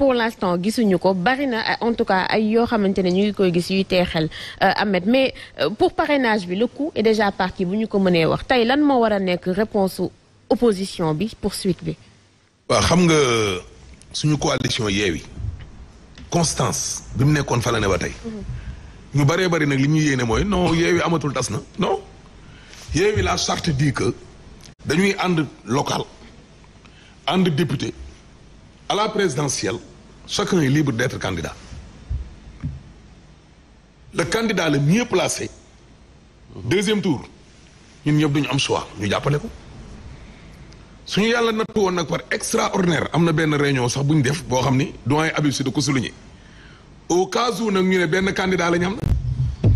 pour l'instant, ko euh, en tout cas ay ñu ngi koy euh, mais euh, pour parrainage le coup est déjà parti buñu ko mëne wax tay lan mo wara réponse opposition bi coalition constance fa la ne ba mhm. ñu non amatul tasna non la charte dit que local and député à la présidentielle. Chacun est libre d'être candidat. Le candidat le mieux placé. deuxième tour ñun ñëpp duñu am choix ñu jàppale ko suñu yàlla nattu woon nag par extraordinaire am na benn réunion sax bu ñu def boo xam ni doyen Habib si da ko souligné au cas où nag ñu ne benn candidat la am na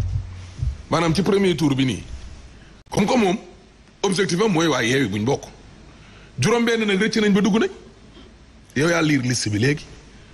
maanaam ci premier tour bi nii comme que moom objectif am mooy waa yeewi buñ bokk juróom-benn nag rëcc nañ ba dugg nañ yow yaa liir liste bi léegi.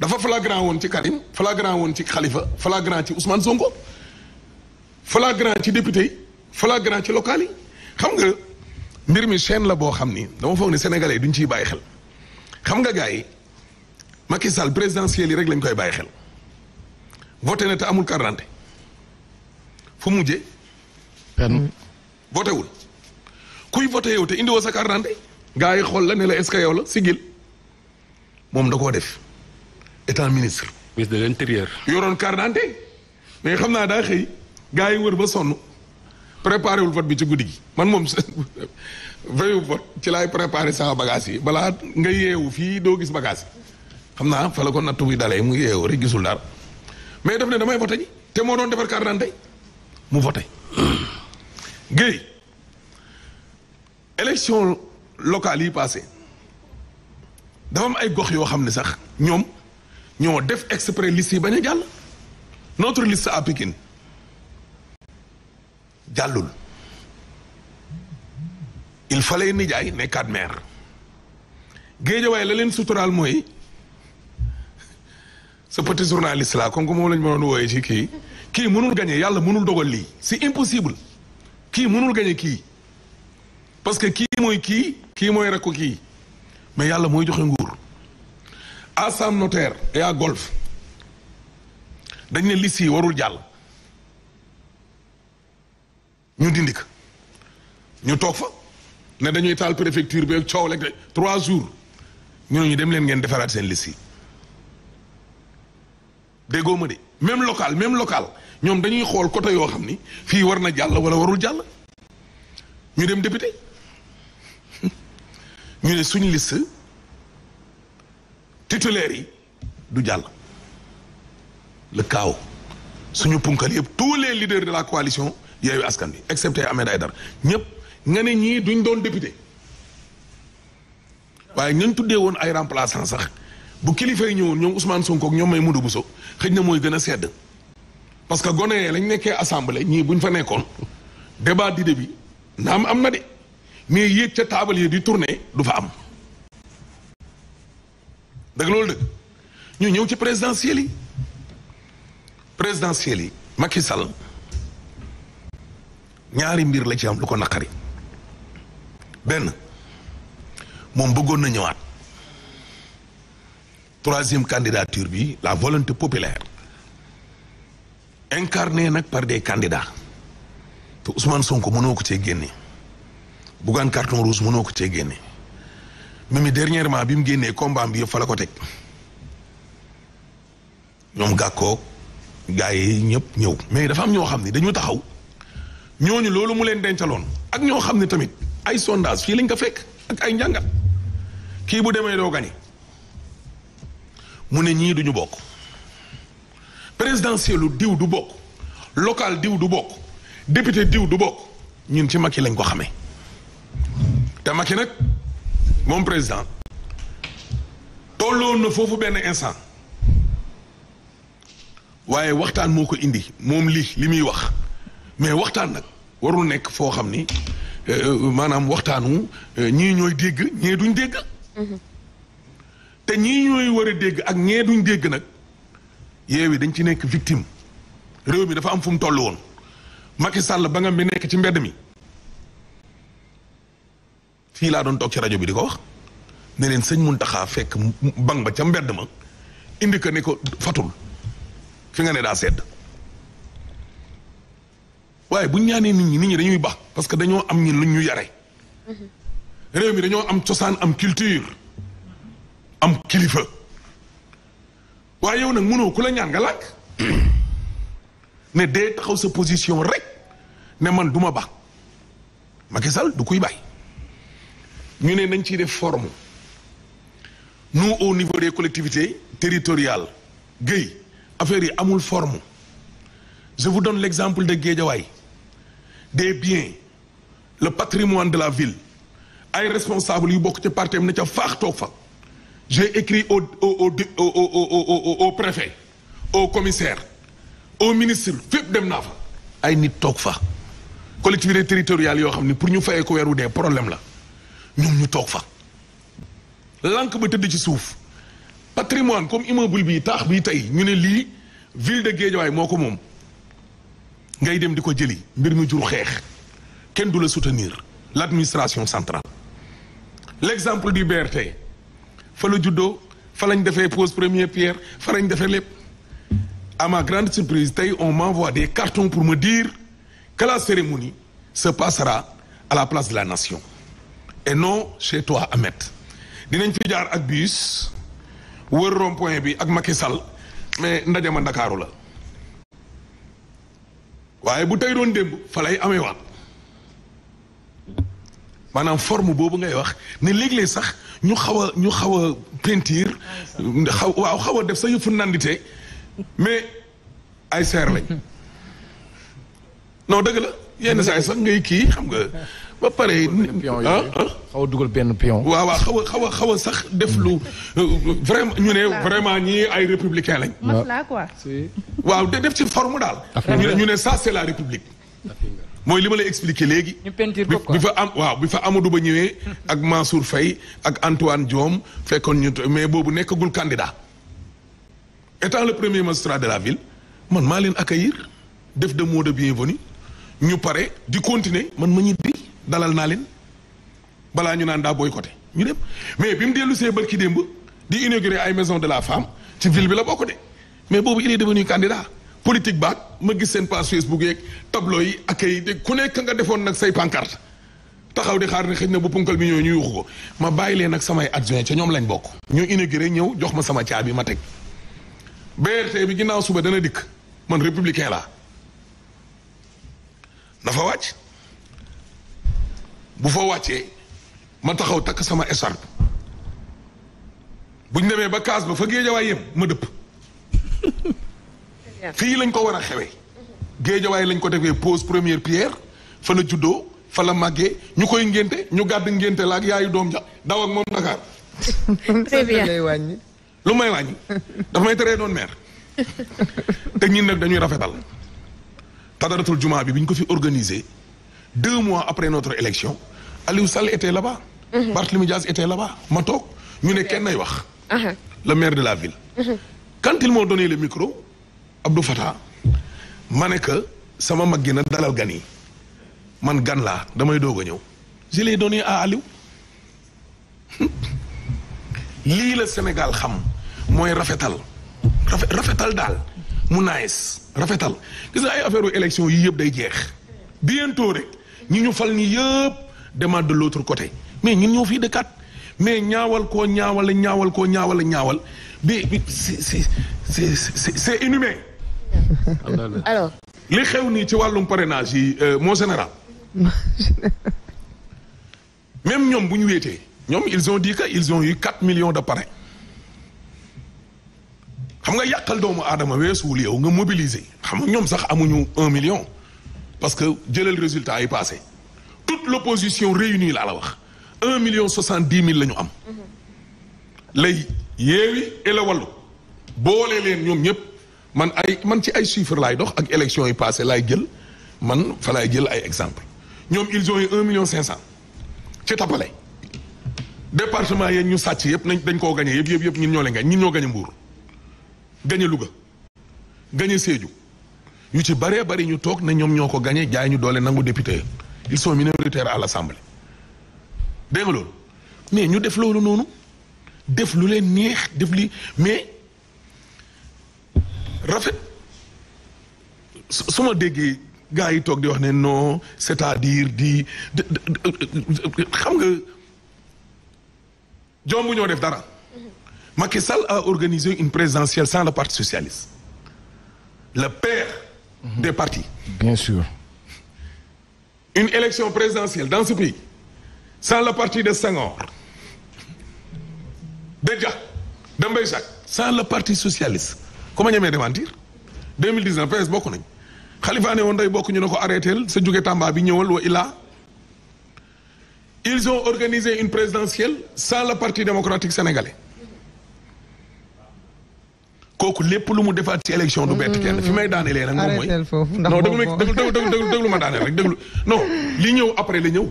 dafa flagrant woon ci Karim flagrant woon ci Khalifa flagrant ci Ousmane Sonko flagrant ci député yi flagrant ci local yi xam nga mbir mi chaine la boo xam ni dama foog ne sénégalais duñ ciy bàyyi xel xam nga gars yi Macky Sall yi rek lañ koy bàyyi xel voté na te amul carte fu mujjee. fenn voté wul kuy voté yow te indiwoo sa carte gaa yi xool la ne la est-ce que yow la sigil moom da koo def. étant ministre. ministre de l'intérieur. yoroon carte d'identité mais xam naa daa xëy gars yi wër ba sonn préparé wul vote bi ci guddi gi man moom veyu vote ci laay préparé sama bagage yi balaa nga yeewu fii doo gis bagage yi xam naa fa la ko nattu bi dalee mu yeewu rek gisul dara mais daf ne damay voté te moo doon defar carte d'identité mu voté. Guèye élection locale yi passé dafa am ay gox yoo xam ne sax ñoom. ñoo def exprès liste yi bañ a jàll notre liste à pikin jàllul il fallait nijaay nekkaat maire waaye la leen sutural mooy ce petit journaliste là comme que moom lañ ma doon wooyee ci kii kii mënul gagné yàlla mënul dogal lii c'est impossible kii mënul gagné kii parce que kii mooy kii kii mooy rekku kii mais yàlla mooy joxe nguur à Sam Notaire et à Golf dañ ne liste yi warul jàll ñu dindi ñu toog fa ne dañuy taal préfecture bi coow lekk trois jours ñu ne ñu dem leen ngeen defaraat seen liste yi déggoo ma de même local même local ñoom dañuy xool côté yoo xam ni fii war na jàll wala warul jàll ñu dem député ñu ne suñu list titulaire yi du jàll le chaos suñu punkal yëpp tous les leaders de la coalition Yewwi Askan Wi excepté day Aïdara ñëpp nga ne ñii duñ doon député waaye ñañ tuddee woon ay remplaçant sax bu kilifa yi ñëwoon ñoom Ousmane Sonko ak ñoom Maïmouna so xëj na mooy gën a sedd parce que gone yee lañu nekkee assemblée ñii buñ fa nekkoon débat d'idées bi naam am na de mais yéeg ca taabal yi di tourner du fa am. dëgg loolu dëgg ñu ñëw ci présidentielles yi présidentielles yi Macky Sall ñaari mbir la ci am lu ko naqari benn moom bëggoon na ñëwaat troisième candidature bi la volonté populaire incarnée nag par des candidats te Ousmane Sonko mënoo ko cee génne Bougane carton rouge mënoo ko cee génne. Mimi dernièrement bi mu génnee combat bi yëpp fa la ko teg ñoom gàkkoog gars yi ñëpp ñëw. mais dafa am ñoo xam ni dañu taxaw ñoo ñooñu loolu mu leen dencaloon ak ñoo xam ne tamit ay sondage fii lañ ko fekk ak ay njàngat kii bu demee doo gani mu ne ñii duñu bokk présidentiel lu diw du bokk local diw du bokk député diw du bokk ñun ci Macky lañ ko xame te Macky nag. moom président tolloon na foofu benn instant waaye waxtaan moo ko indi moom li li muy wax mais waxtaan nag waru nekk foo xam ni euh, maanaam waxtaanu euh, ñii ñooy dégg ñee duñ dégg te ñii ñooy war dégg ak ñee duñ dégg nag yeewi dañ ci nekk victime réew mi dafa am fu mu toll woon Macky sàll ba nga bi nekk ci mbedd mi fi la doon tok ci radio bi diko wax ne len seigne Muntaxa fek bang ba ca mbedd ma indi ko ne ko fatul fi nga ne da sedd waye bu ñaanee nit ñi nit ñi dañuy bax parce que dañoo am ñi lu ñu yare mm-hmm. réew mi dañoo am ciosan am culture am kilifa waye yow nak mëno kula ñaan nga lak ne dé taxaw sa position rek ne man duma bax Macky Sall du kuy bay Nous avons des formes. nous au niveau des collectivités territoriales nous affaire yi amul forme je vous donne l'exemple de Guédiawaye des biens le patrimoine de la ville les responsables qui parti am na j'ai écrit au préfet au commissaire au ministre Nous dem fait fa ay nit collectivités territoriales nous avons pour nous faire ko problèmes là. Nous, nous toog fa lànk ba tëdd ci patrimoine comme immeuble bi tax bi tay ñu né li ville de Guédiaway moko mom. ngay dem diko jëli mbir mi jur xex. Ken soutenir l'administration centrale l'exemple du BRT fa la juddoo fa lañ défé pose première pierre fa lañ défé à ma grande surprise on m'envoie des cartons pour me dire que la cérémonie se passera à la place de la nation et non chez toi Ahmed dinañ fi jaar ak bus wër rond bi ak Macky sal mais ndaje Ndakaaru la waaye bu tey doon démb fa lay amee waat maanaam forme boobu ngay wax ne léeg-léeg sax ñu xaw a ñu xaw a peinture xaw waaw xaw a def sa yëfu nandite mais ay seer lañ non dëgg la yenn saay sax ngay kii xam nga ba pare ah, ah. xaw a dugal ben pion. wa wa xaw a xaw xaw sax def lu mm. euh, vraiment ñu ne vraiment ñi ay républicain lañ. maslaa quoi. waaw def ci forme dal ñu ne ça c'est la république. moy lima lay expliquer légui ñu peinture ko bi fa am waaw bi fa Amadou Ba ñewé ak Mansour fay ak Antoine diom fekkoon ñu mais boobu nekkagul candidat. étant le premier magistrat de la ville man ma leen accueillir def de mots de bienvenue ñu paré di continuer man ma ñibbi. dalal naa leen balaa ñu naan daa boycotté ñu dem mais bi mu dellu see bërki démb di inauguré ay maison de la femme ci ville bi la bokk de mais boobu il est devenu candidat politique baag ma gis seen page Facebook yeeg tableau yi ak ay ku nekk nga defoon nag say pancarte taxaw di xaar ne xëy na bu punkal bi ñëw ñu yuuxu ko ma bàyyi leen nag samay adjoint ca ñoom lañ bokk. ñoo inauguré ñëw jox ma sama caabi ma teg BRT bi ginnaaw suba dana dikk man républicain laa na wàcc. bu fa wàccee ma taxaw takk sama écharpe buñ demee ba kaas ba fa géejawaay ma dëpp fii lañ ko war a xewee lañ ko defee pause première pierre fa la juddoo fa la màggee ñu koy ngénte ñu gàdd ngénte la doom ja daw ak moom Dakar très bien lu may wàññi daf may teree doon maire te ñun nag dañuy rafetal tadaratul bi organisé deux mois après notre élection Aliou Sall était là-bas. Mhm. Barthélemy Diaz était là-bas Mato, nous ñu ne kenn nay le maire de la ville. Mhm. quand ils m'ont donné le micro Abdou Fattah ma ne que sama dalal gani. man gan la, damay doog a J'ai je l'ai donné à Aliou L'île le Sénégal xam moi rafetal rafetal dal, mu rafetal gis nga ay affaire élection yii yëpp day jeex bientôt rek ñi ñu fal nii demande de l'autre côté mais nous sommes des quatre. mais nous avons c'est c'est inhumain. alors. parrainage euh, mon général. même nous ils ont dit qu'ils ont eu 4 millions de parrains xam nga Nous doomu un million parce que le résultat est passé l'opposition réunie la wax million 70 000 mille et la boole les man ay man ci ay chiffres là dox ak élection yi passé lay jël man fa exemple ñom ils ont eu un million cinq ci tapalé département ñu dañ ko gagné yépp yépp ñoo gagné ñun ñoo gagné gagné Louga gagné sédju yu ci bari ñu tok na ñom ñoko gagné jaay ñu nangu député ils sont minoritaires à l'Assemblée mais nous def nous. def Nous mais rafet Si ne déggee pas non c'est-à-dire dit, xam nga Macky a organisé une présidentielle sans le Parti socialiste le père. des partis. bien sûr une élection présidentielle dans ce pays sans le parti de Senghor, déjà, sans le parti socialiste, comment me démentir 2019 PS 2019, Khalifa ne woon day arrêté, Tamba ils ont organisé une présidentielle sans le parti démocratique sénégalais kooku lépp lu mu defaat ci élection du bett kenn fi may daanelee nag moom mooy non déglu déglu déglu ma daaneel rek déglu non li ñëw après la ñëw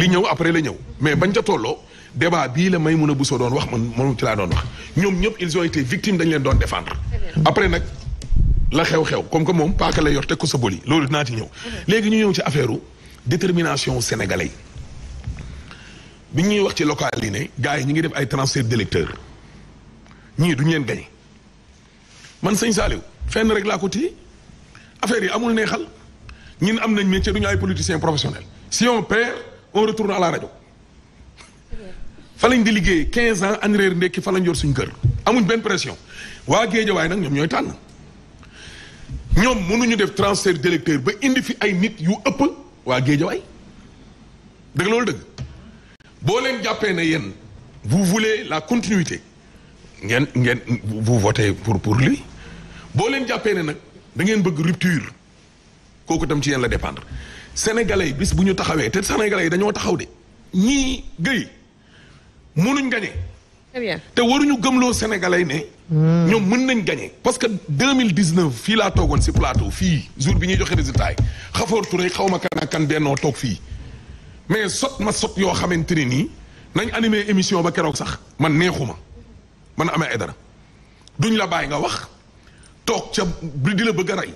li ñëw après la ñëw mais bañ ca tolloo débat bii la may mun a busoo doon wax man moom ci laa doon wax ñoom ñëpp ils ont été victimes dañ leen doon défendre après nag la xew-xew comme que moom paaka la yor te ko sa boli loolu dinaa ci ñëw léegi ñu ñëw ci affaire u détermination sénégalais bi ñuy wax ci local yi ne gars yi ñu ngi def ay transfert d'électeurs ni duñu len gañe man seigne Saliou fenn rek la ko téye affaire yi amul neexal ñun am nañ métier duñu ay politiciens professionnels si on perd on retourne à la radio fa lañ di liggéey 15 ans añ reer ndekki fa lañ yor suñu kër amuñ benn pression waa Géejawaay nag ñoom ñooy tànn ñoom mënuñu def transfert d'électeur ba indi fi ay nit yu ëpp waa Géejawaay dëgg loolu dëgg boo leen jàppee ne yéen vous voulez la continuité vous votez pour pour lui boo leen jàppee une da bëgg rupture kooku tam ci yéen la dépendre sénégalais yi bis bu ñu taxawee sénégalais yi dañoo taxaw de ñii gëy mënuñ gañe te waruñu sénégalais ne hmm. ñoom mën nañ parce que 2019 fi la togon ci plateau fi jour bi ñuy joxe résultat yi Touré xawma kan kan bennoo tok fi mais sot ma sot yo xamante ni nañ animer émission ba kérok sax man neexuma man amee ay dara duñ la bàyyi nga wax toog ca di la bëgg a rey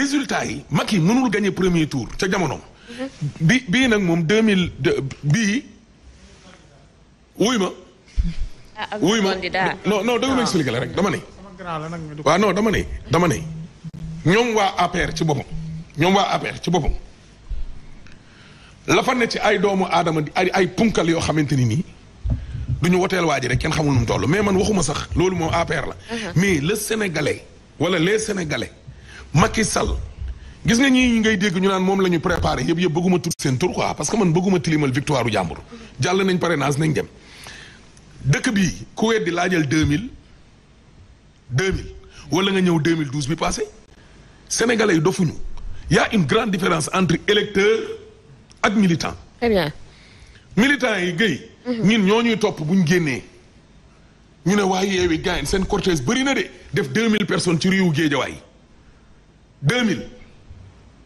résultat yi Macky mënul gagné premier tour ca jamono mhm. bi bii nag moom deux mille bii wuy ma. Ah, wuy ma non non dama expliqué la rek dama ne. waaw non dama ne dama ne. ñoom waa APR ci boppam ñoom waa APR ci boppam la fa ci ay doomu aadama ay ay punkal yoo xamante ni nii. du ñu woteel waa ji rek kenn xamul nu mu toll mais man waxuma sax loolu moom APR la. Uh-huh. mais le sénégalais wala les sénégalais Macky Sall gis nga ñii ngay dégg ñu naan moom la ñu préparé yëpp yëpp bëgguma tur seen tur quoi parce que man bëgguma tilimal victoire u jàmbur. jàll nañ parrainage nañ dem dëkk bii ku weddi laajal deux mille deux mille wala nga ñëw deux mille douze bi passé sénégalais yi dofuñu y a une grande différence entre électeur ak militant. très militants yi gey mhm. ñin ñoñuy top buñu génné ñu né way yéwi gaay sen cortège bari na dé def 2000 personnes ci rue wu geedja way 2000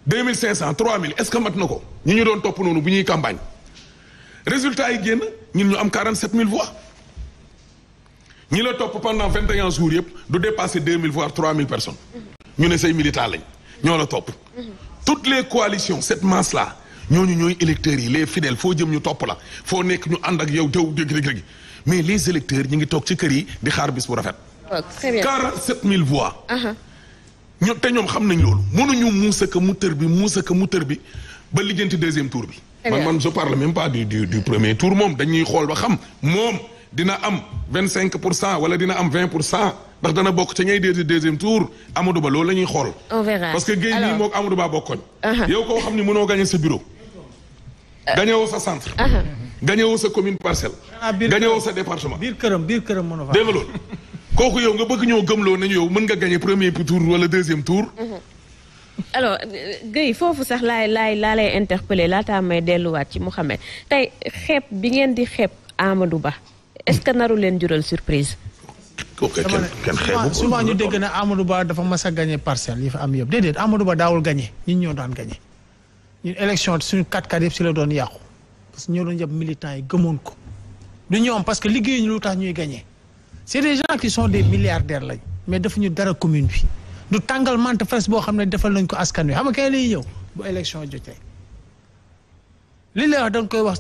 2500 3000 est ce que mat nako ñi ñu doon top nonu buñuy campagne résultat yi génn ñin ñu am 47000 voix ñi la top pendant 21 jours yépp du dépasser 2000 voire 3000 personnes mhm. ñu né say militants lañ ñoo la top mhm. toutes les coalitions cette masse là ñooñu ñooy électeurs yi les fidèles foo jëm ñu topp la foo nekk ñu ànd ak yow tew dégg-dégg mais les électeurs ñu ngi toog ci kër yi di xaar bis bu rafet. Oh, quarante sept mille voix. ño te ñoom xam nañ loolu mënuñu muusa ka mu tër bi muusa ka mu tër bi ba lijjanti deuxième tour bi. Eh man man je parle même pas du premier tour moom dañuy xool ba xam moom dina am vingt cinq pour cent wala dina am vingt pour cent ndax dana bokk ci ñay déedéet deuxième tour Amadou Ba loolu la ñuy xool. on parce que Guèye mii moog Amadou Ba bokkoon. xam ne mënoo gagné sa bureau. gañe au sa centre. Ah. Uh-huh. gañe au sa commune parcelle. Ah, gañe sa département. bir kërëm bir kërëm mën na fa. dégg nga yow nga bëgg ñoo gëmlo nañu yow mën nga premier tour wala deuxième tour. Uh-huh. alors euh, Guèye fofu sax lay lay laa lay interpeller laataa may wat ci Mohamed. tay xép bi ngeen di xép Amadou Ba est-ce que naru len jural surprise. ok kenn souvent ñu dégg na Amadou Ba dafa massa gagner parcelle yi fa am yëpp déedéet Amadou Ba daawul gagner ñi ñoo daan gagner ñun élection suñu quatre quatre yëpp si la doon yàqu parce que ñoo doon jàpp militant yi gëmoon ko du ñoom parce que liggéey ñu lu tax ñuy gagné c' est des gens qui sont des milliardaires lañ mais ñu dara commune bi du tàngal mante fes boo xam ne defal nañ ko askan wi xam nga kay lay ñëw bu élection jotee li lay wax da koy wax